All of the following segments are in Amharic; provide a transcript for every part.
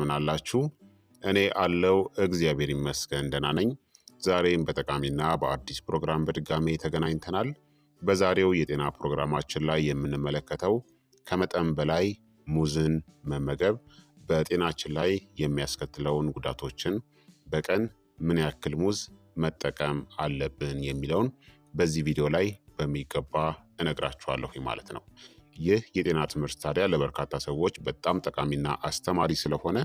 ምናላችሁ እኔ አለው እግዚአብሔር ይመስገን ደህና ነኝ። ዛሬም በጠቃሚና በአዲስ ፕሮግራም በድጋሜ ተገናኝተናል። በዛሬው የጤና ፕሮግራማችን ላይ የምንመለከተው ከመጠን በላይ ሙዝን መመገብ በጤናችን ላይ የሚያስከትለውን ጉዳቶችን፣ በቀን ምን ያክል ሙዝ መጠቀም አለብን የሚለውን በዚህ ቪዲዮ ላይ በሚገባ እነግራችኋለሁ ማለት ነው። ይህ የጤና ትምህርት ታዲያ ለበርካታ ሰዎች በጣም ጠቃሚና አስተማሪ ስለሆነ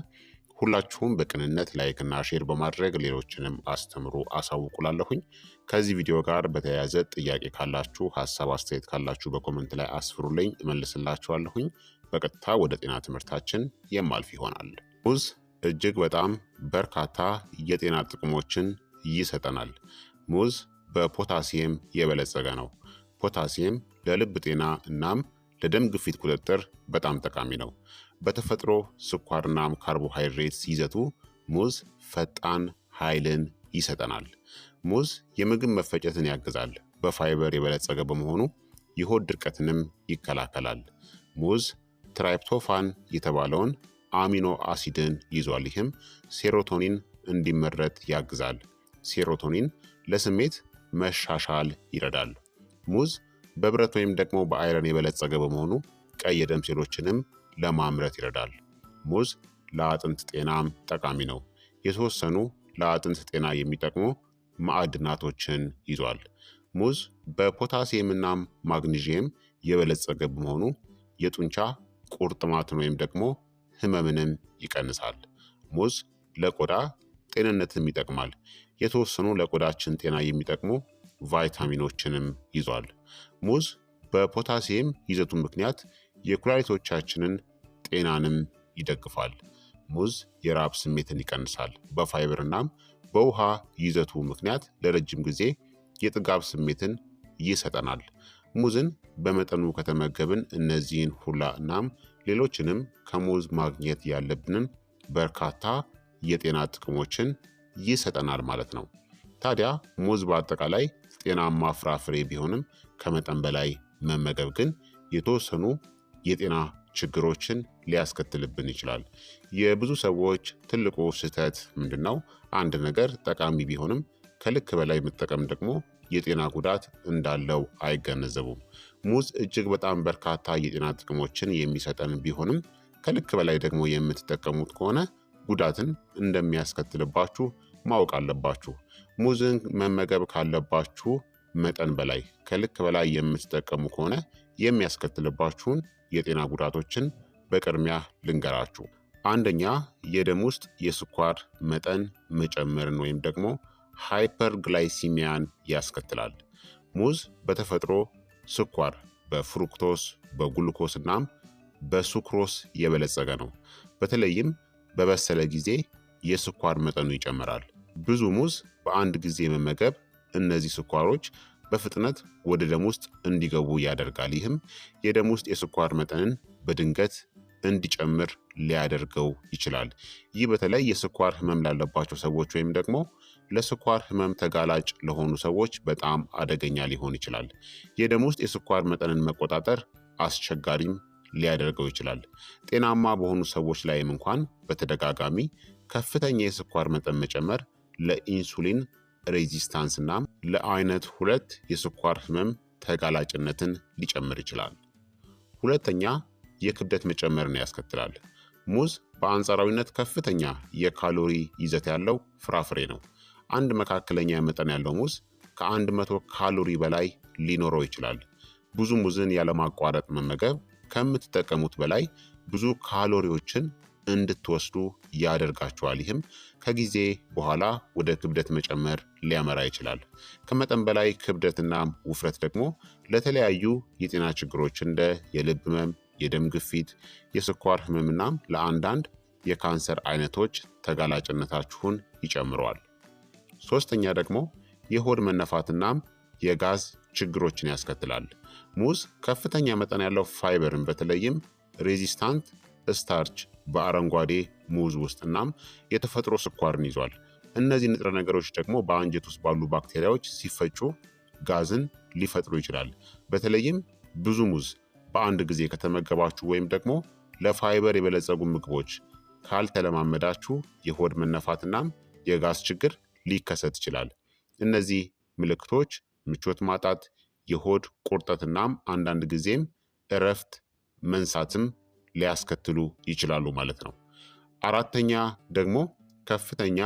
ሁላችሁም በቅንነት ላይክና ሼር በማድረግ ሌሎችንም አስተምሩ አሳውቁላለሁኝ። ከዚህ ቪዲዮ ጋር በተያያዘ ጥያቄ ካላችሁ፣ ሀሳብ አስተያየት ካላችሁ በኮመንት ላይ አስፍሩልኝ፣ እመልስላችኋለሁኝ። በቀጥታ ወደ ጤና ትምህርታችን የማልፍ ይሆናል። ሙዝ እጅግ በጣም በርካታ የጤና ጥቅሞችን ይሰጠናል። ሙዝ በፖታሲየም የበለጸገ ነው። ፖታሲየም ለልብ ጤና እናም ለደም ግፊት ቁጥጥር በጣም ጠቃሚ ነው። በተፈጥሮ ስኳርናም ካርቦሃይድሬት ሲይዘቱ ሙዝ ፈጣን ኃይልን ይሰጠናል። ሙዝ የምግብ መፈጨትን ያግዛል። በፋይበር የበለጸገ በመሆኑ የሆድ ድርቀትንም ይከላከላል። ሙዝ ትራይፕቶፋን የተባለውን አሚኖ አሲድን ይዟል። ይህም ሴሮቶኒን እንዲመረት ያግዛል። ሴሮቶኒን ለስሜት መሻሻል ይረዳል። ሙዝ በብረት ወይም ደግሞ በአይረን የበለጸገ በመሆኑ ቀይ የደም ሴሎችንም ለማምረት ይረዳል። ሙዝ ለአጥንት ጤናም ጠቃሚ ነው። የተወሰኑ ለአጥንት ጤና የሚጠቅሙ ማዕድናቶችን ይዟል። ሙዝ በፖታሲየምና ማግኒዥየም የበለጸገ በመሆኑ የጡንቻ ቁርጥማትን ወይም ደግሞ ህመምንም ይቀንሳል። ሙዝ ለቆዳ ጤንነትም ይጠቅማል። የተወሰኑ ለቆዳችን ጤና የሚጠቅሙ ቫይታሚኖችንም ይዟል። ሙዝ በፖታሲየም ይዘቱ ምክንያት የኩላሊቶቻችንን ጤናንም ይደግፋል። ሙዝ የራብ ስሜትን ይቀንሳል። እናም በውሃ ይዘቱ ምክንያት ለረጅም ጊዜ የጥጋብ ስሜትን ይሰጠናል። ሙዝን በመጠኑ ከተመገብን እነዚህን ሁላ እናም ሌሎችንም ከሙዝ ማግኘት ያለብንን በርካታ የጤና ጥቅሞችን ይሰጠናል ማለት ነው። ታዲያ ሙዝ በአጠቃላይ ጤናማ ፍራፍሬ ቢሆንም ከመጠን በላይ መመገብ ግን የተወሰኑ የጤና ችግሮችን ሊያስከትልብን ይችላል። የብዙ ሰዎች ትልቁ ስህተት ምንድን ነው? አንድ ነገር ጠቃሚ ቢሆንም ከልክ በላይ መጠቀም ደግሞ የጤና ጉዳት እንዳለው አይገነዘቡም። ሙዝ እጅግ በጣም በርካታ የጤና ጥቅሞችን የሚሰጠን ቢሆንም ከልክ በላይ ደግሞ የምትጠቀሙት ከሆነ ጉዳትን እንደሚያስከትልባችሁ ማወቅ አለባችሁ። ሙዝን መመገብ ካለባችሁ መጠን በላይ ከልክ በላይ የምትጠቀሙ ከሆነ የሚያስከትልባችሁን የጤና ጉዳቶችን በቅድሚያ ልንገራችሁ። አንደኛ የደም ውስጥ የስኳር መጠን መጨመርን ወይም ደግሞ ሃይፐርግላይሲሚያን ያስከትላል። ሙዝ በተፈጥሮ ስኳር በፍሩክቶስ በጉልኮስ እናም በሱክሮስ የበለጸገ ነው። በተለይም በበሰለ ጊዜ የስኳር መጠኑ ይጨምራል። ብዙ ሙዝ በአንድ ጊዜ መመገብ እነዚህ ስኳሮች በፍጥነት ወደ ደም ውስጥ እንዲገቡ ያደርጋል። ይህም የደም ውስጥ የስኳር መጠንን በድንገት እንዲጨምር ሊያደርገው ይችላል። ይህ በተለይ የስኳር ህመም ላለባቸው ሰዎች ወይም ደግሞ ለስኳር ህመም ተጋላጭ ለሆኑ ሰዎች በጣም አደገኛ ሊሆን ይችላል። የደም ውስጥ የስኳር መጠንን መቆጣጠር አስቸጋሪም ሊያደርገው ይችላል። ጤናማ በሆኑ ሰዎች ላይም እንኳን በተደጋጋሚ ከፍተኛ የስኳር መጠን መጨመር ለኢንሱሊን ሬዚስታንስ እናም ለአይነት ሁለት የስኳር ህመም ተጋላጭነትን ሊጨምር ይችላል። ሁለተኛ የክብደት መጨመርን ያስከትላል። ሙዝ በአንጻራዊነት ከፍተኛ የካሎሪ ይዘት ያለው ፍራፍሬ ነው። አንድ መካከለኛ መጠን ያለው ሙዝ ከ100 ካሎሪ በላይ ሊኖረው ይችላል። ብዙ ሙዝን ያለማቋረጥ መመገብ ከምትጠቀሙት በላይ ብዙ ካሎሪዎችን እንድትወስዱ ያደርጋችኋል። ይህም ከጊዜ በኋላ ወደ ክብደት መጨመር ሊያመራ ይችላል። ከመጠን በላይ ክብደትና ውፍረት ደግሞ ለተለያዩ የጤና ችግሮች እንደ የልብ ህመም፣ የደም ግፊት፣ የስኳር ህመምና ለአንዳንድ የካንሰር አይነቶች ተጋላጭነታችሁን ይጨምረዋል። ሶስተኛ ደግሞ የሆድ መነፋትናም የጋዝ ችግሮችን ያስከትላል። ሙዝ ከፍተኛ መጠን ያለው ፋይበርን በተለይም ሬዚስታንት ስታርች በአረንጓዴ ሙዝ ውስጥናም የተፈጥሮ ስኳርን ይዟል። እነዚህ ንጥረ ነገሮች ደግሞ በአንጀት ውስጥ ባሉ ባክቴሪያዎች ሲፈጩ ጋዝን ሊፈጥሩ ይችላል። በተለይም ብዙ ሙዝ በአንድ ጊዜ ከተመገባችሁ ወይም ደግሞ ለፋይበር የበለጸጉ ምግቦች ካልተለማመዳችሁ የሆድ መነፋትናም የጋዝ ችግር ሊከሰት ይችላል። እነዚህ ምልክቶች ምቾት ማጣት፣ የሆድ ቁርጠትናም አንዳንድ ጊዜም እረፍት መንሳትም ሊያስከትሉ ይችላሉ ማለት ነው። አራተኛ ደግሞ ከፍተኛ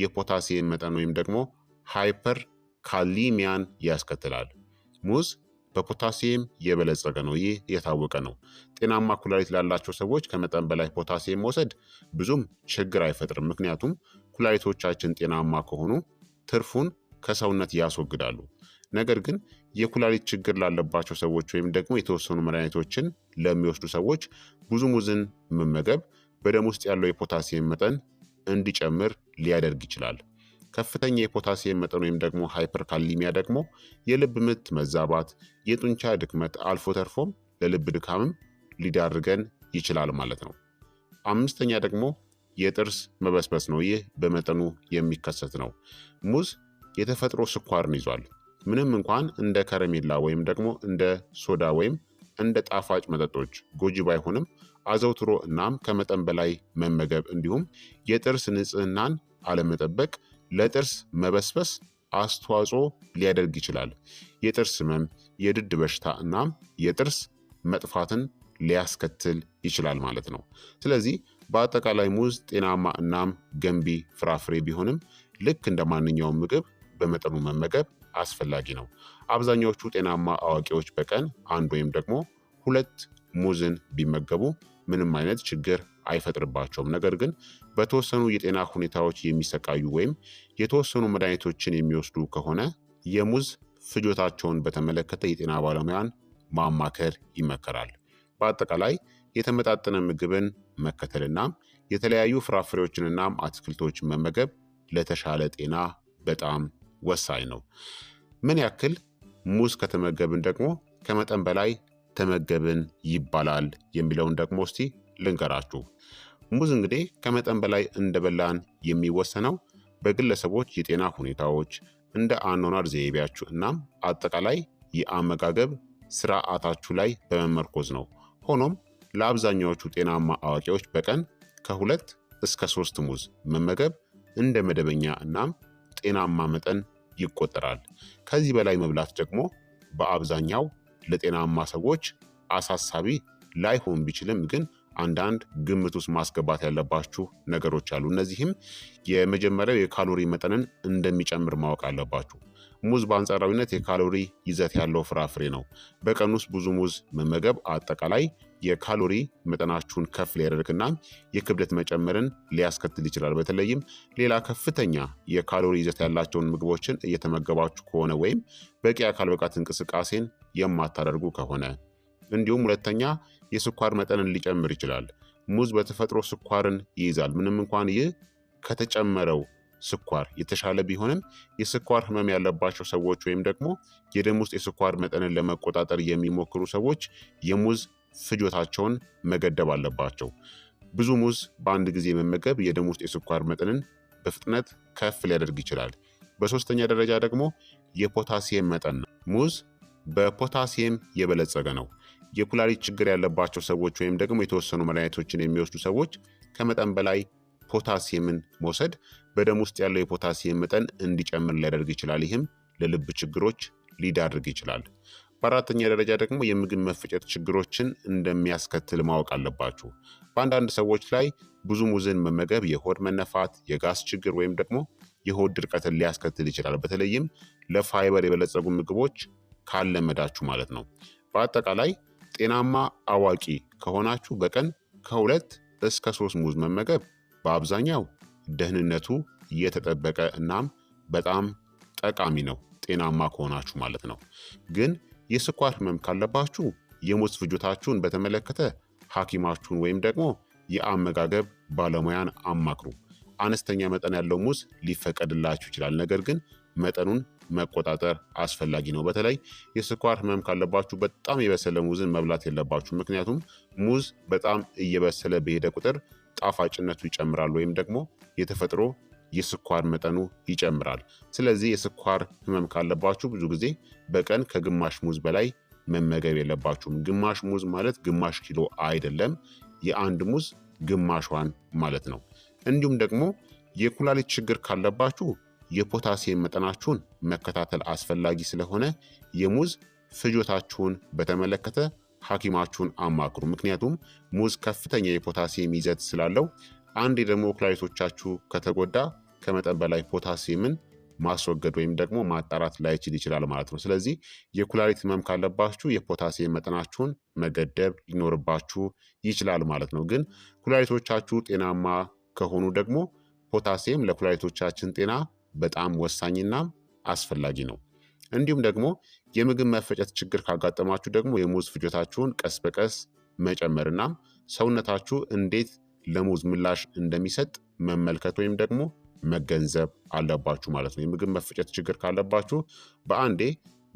የፖታሲየም መጠን ወይም ደግሞ ሃይፐር ካሊሚያን ያስከትላል። ሙዝ በፖታሲየም የበለጸገ ነው። ይህ የታወቀ ነው። ጤናማ ኩላሊት ላላቸው ሰዎች ከመጠን በላይ ፖታሲየም መውሰድ ብዙም ችግር አይፈጥርም። ምክንያቱም ኩላሊቶቻችን ጤናማ ከሆኑ ትርፉን ከሰውነት ያስወግዳሉ። ነገር ግን የኩላሊት ችግር ላለባቸው ሰዎች ወይም ደግሞ የተወሰኑ መድኃኒቶችን ለሚወስዱ ሰዎች ብዙ ሙዝን መመገብ በደም ውስጥ ያለው የፖታሲየም መጠን እንዲጨምር ሊያደርግ ይችላል። ከፍተኛ የፖታሲየም መጠን ወይም ደግሞ ሃይፐርካሊሚያ ደግሞ የልብ ምት መዛባት፣ የጡንቻ ድክመት አልፎ ተርፎም ለልብ ድካምም ሊዳርገን ይችላል ማለት ነው። አምስተኛ ደግሞ የጥርስ መበስበስ ነው። ይህ በመጠኑ የሚከሰት ነው። ሙዝ የተፈጥሮ ስኳርን ይዟል። ምንም እንኳን እንደ ከረሜላ ወይም ደግሞ እንደ ሶዳ ወይም እንደ ጣፋጭ መጠጦች ጎጂ ባይሆንም አዘውትሮ እናም ከመጠን በላይ መመገብ እንዲሁም የጥርስ ንጽህናን አለመጠበቅ ለጥርስ መበስበስ አስተዋጽኦ ሊያደርግ ይችላል። የጥርስ ህመም፣ የድድ በሽታ እናም የጥርስ መጥፋትን ሊያስከትል ይችላል ማለት ነው። ስለዚህ በአጠቃላይ ሙዝ ጤናማ እናም ገንቢ ፍራፍሬ ቢሆንም ልክ እንደ ማንኛውም ምግብ በመጠኑ መመገብ አስፈላጊ ነው። አብዛኛዎቹ ጤናማ አዋቂዎች በቀን አንድ ወይም ደግሞ ሁለት ሙዝን ቢመገቡ ምንም አይነት ችግር አይፈጥርባቸውም። ነገር ግን በተወሰኑ የጤና ሁኔታዎች የሚሰቃዩ ወይም የተወሰኑ መድኃኒቶችን የሚወስዱ ከሆነ የሙዝ ፍጆታቸውን በተመለከተ የጤና ባለሙያን ማማከር ይመከራል። በአጠቃላይ የተመጣጠነ ምግብን መከተልና የተለያዩ ፍራፍሬዎችንናም አትክልቶችን መመገብ ለተሻለ ጤና በጣም ወሳኝ ነው። ምን ያክል ሙዝ ከተመገብን ደግሞ ከመጠን በላይ ተመገብን ይባላል የሚለውን ደግሞ እስቲ ልንገራችሁ። ሙዝ እንግዲህ ከመጠን በላይ እንደበላን የሚወሰነው በግለሰቦች የጤና ሁኔታዎች፣ እንደ አኗኗር ዘይቤያችሁ እናም አጠቃላይ የአመጋገብ ስርዓታችሁ ላይ በመመርኮዝ ነው። ሆኖም ለአብዛኛዎቹ ጤናማ አዋቂዎች በቀን ከሁለት እስከ ሶስት ሙዝ መመገብ እንደ መደበኛ እናም ጤናማ መጠን ይቆጠራል። ከዚህ በላይ መብላት ደግሞ በአብዛኛው ለጤናማ ሰዎች አሳሳቢ ላይሆን ቢችልም ግን አንዳንድ ግምት ውስጥ ማስገባት ያለባችሁ ነገሮች አሉ። እነዚህም የመጀመሪያው የካሎሪ መጠንን እንደሚጨምር ማወቅ አለባችሁ። ሙዝ በአንጻራዊነት የካሎሪ ይዘት ያለው ፍራፍሬ ነው። በቀን ውስጥ ብዙ ሙዝ መመገብ አጠቃላይ የካሎሪ መጠናችሁን ከፍ ሊያደርግና የክብደት መጨመርን ሊያስከትል ይችላል። በተለይም ሌላ ከፍተኛ የካሎሪ ይዘት ያላቸውን ምግቦችን እየተመገባችሁ ከሆነ ወይም በቂ አካል ብቃት እንቅስቃሴን የማታደርጉ ከሆነ እንዲሁም ሁለተኛ የስኳር መጠንን ሊጨምር ይችላል። ሙዝ በተፈጥሮ ስኳርን ይይዛል። ምንም እንኳን ይህ ከተጨመረው ስኳር የተሻለ ቢሆንም የስኳር ህመም ያለባቸው ሰዎች ወይም ደግሞ የደም ውስጥ የስኳር መጠንን ለመቆጣጠር የሚሞክሩ ሰዎች የሙዝ ፍጆታቸውን መገደብ አለባቸው። ብዙ ሙዝ በአንድ ጊዜ መመገብ የደም ውስጥ የስኳር መጠንን በፍጥነት ከፍ ሊያደርግ ይችላል። በሶስተኛ ደረጃ ደግሞ የፖታሲየም መጠን ነው። ሙዝ በፖታሲየም የበለጸገ ነው። የኩላሊት ችግር ያለባቸው ሰዎች ወይም ደግሞ የተወሰኑ መድኃኒቶችን የሚወስዱ ሰዎች ከመጠን በላይ ፖታሲየምን መውሰድ በደም ውስጥ ያለው የፖታሲየም መጠን እንዲጨምር ሊያደርግ ይችላል። ይህም ለልብ ችግሮች ሊዳርግ ይችላል። በአራተኛ ደረጃ ደግሞ የምግብ መፈጨት ችግሮችን እንደሚያስከትል ማወቅ አለባችሁ። በአንዳንድ ሰዎች ላይ ብዙ ሙዝን መመገብ የሆድ መነፋት፣ የጋስ ችግር ወይም ደግሞ የሆድ ድርቀትን ሊያስከትል ይችላል። በተለይም ለፋይበር የበለጸጉ ምግቦች ካለመዳችሁ ማለት ነው። በአጠቃላይ ጤናማ አዋቂ ከሆናችሁ በቀን ከሁለት እስከ ሶስት ሙዝ መመገብ በአብዛኛው ደህንነቱ እየተጠበቀ እናም በጣም ጠቃሚ ነው፣ ጤናማ ከሆናችሁ ማለት ነው ግን የስኳር ህመም ካለባችሁ የሙዝ ፍጆታችሁን በተመለከተ ሐኪማችሁን ወይም ደግሞ የአመጋገብ ባለሙያን አማክሩ። አነስተኛ መጠን ያለው ሙዝ ሊፈቀድላችሁ ይችላል፣ ነገር ግን መጠኑን መቆጣጠር አስፈላጊ ነው። በተለይ የስኳር ህመም ካለባችሁ በጣም የበሰለ ሙዝን መብላት የለባችሁ። ምክንያቱም ሙዝ በጣም እየበሰለ በሄደ ቁጥር ጣፋጭነቱ ይጨምራል ወይም ደግሞ የተፈጥሮ የስኳር መጠኑ ይጨምራል። ስለዚህ የስኳር ህመም ካለባችሁ ብዙ ጊዜ በቀን ከግማሽ ሙዝ በላይ መመገብ የለባችሁም። ግማሽ ሙዝ ማለት ግማሽ ኪሎ አይደለም፣ የአንድ ሙዝ ግማሿን ማለት ነው። እንዲሁም ደግሞ የኩላሊት ችግር ካለባችሁ የፖታሲየም መጠናችሁን መከታተል አስፈላጊ ስለሆነ የሙዝ ፍጆታችሁን በተመለከተ ሐኪማችሁን አማክሩ። ምክንያቱም ሙዝ ከፍተኛ የፖታሲየም ይዘት ስላለው አንድ ደግሞ ኩላሊቶቻችሁ ከተጎዳ ከመጠን በላይ ፖታሲየምን ማስወገድ ወይም ደግሞ ማጣራት ላይችል ይችላል ማለት ነው። ስለዚህ የኩላሊት ህመም ካለባችሁ የፖታሲየም መጠናችሁን መገደብ ሊኖርባችሁ ይችላል ማለት ነው። ግን ኩላሊቶቻችሁ ጤናማ ከሆኑ ደግሞ ፖታሲየም ለኩላሊቶቻችን ጤና በጣም ወሳኝና አስፈላጊ ነው። እንዲሁም ደግሞ የምግብ መፈጨት ችግር ካጋጠማችሁ ደግሞ የሙዝ ፍጆታችሁን ቀስ በቀስ መጨመርና ሰውነታችሁ እንዴት ለሙዝ ምላሽ እንደሚሰጥ መመልከት ወይም ደግሞ መገንዘብ አለባችሁ ማለት ነው። የምግብ መፈጨት ችግር ካለባችሁ በአንዴ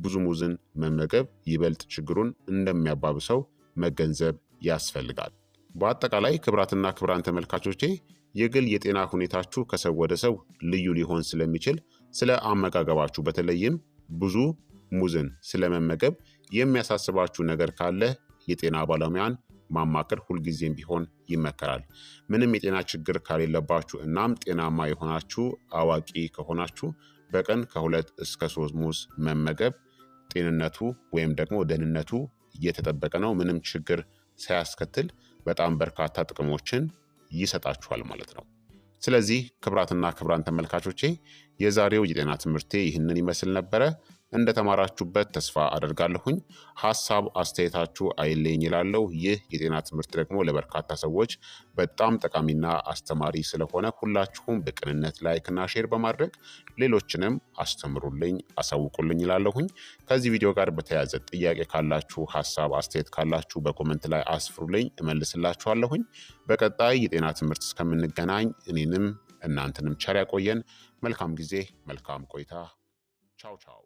ብዙ ሙዝን መመገብ ይበልጥ ችግሩን እንደሚያባብሰው መገንዘብ ያስፈልጋል። በአጠቃላይ ክብራትና ክብራን ተመልካቾቼ የግል የጤና ሁኔታችሁ ከሰው ወደ ሰው ልዩ ሊሆን ስለሚችል ስለ አመጋገባችሁ በተለይም ብዙ ሙዝን ስለመመገብ የሚያሳስባችሁ ነገር ካለ የጤና ባለሙያን ማማከር ሁልጊዜም ቢሆን ይመከራል። ምንም የጤና ችግር ከሌለባችሁ እናም ጤናማ የሆናችሁ አዋቂ ከሆናችሁ በቀን ከሁለት እስከ ሶስት ሙዝ መመገብ ጤንነቱ ወይም ደግሞ ደህንነቱ እየተጠበቀ ነው። ምንም ችግር ሳያስከትል በጣም በርካታ ጥቅሞችን ይሰጣችኋል ማለት ነው። ስለዚህ ክብራትና ክብራን ተመልካቾቼ የዛሬው የጤና ትምህርቴ ይህንን ይመስል ነበረ። እንደተማራችሁበት ተስፋ አደርጋለሁኝ። ሀሳብ አስተያየታችሁ አይለኝ ይላለው። ይህ የጤና ትምህርት ደግሞ ለበርካታ ሰዎች በጣም ጠቃሚና አስተማሪ ስለሆነ ሁላችሁም በቅንነት ላይክና ሼር በማድረግ ሌሎችንም አስተምሩልኝ፣ አሳውቁልኝ ይላለሁኝ። ከዚህ ቪዲዮ ጋር በተያያዘ ጥያቄ ካላችሁ፣ ሀሳብ አስተያየት ካላችሁ በኮመንት ላይ አስፍሩልኝ፣ እመልስላችኋለሁኝ። በቀጣይ የጤና ትምህርት እስከምንገናኝ እኔንም እናንተንም ቸር ያቆየን። መልካም ጊዜ፣ መልካም ቆይታ። ቻው ቻው።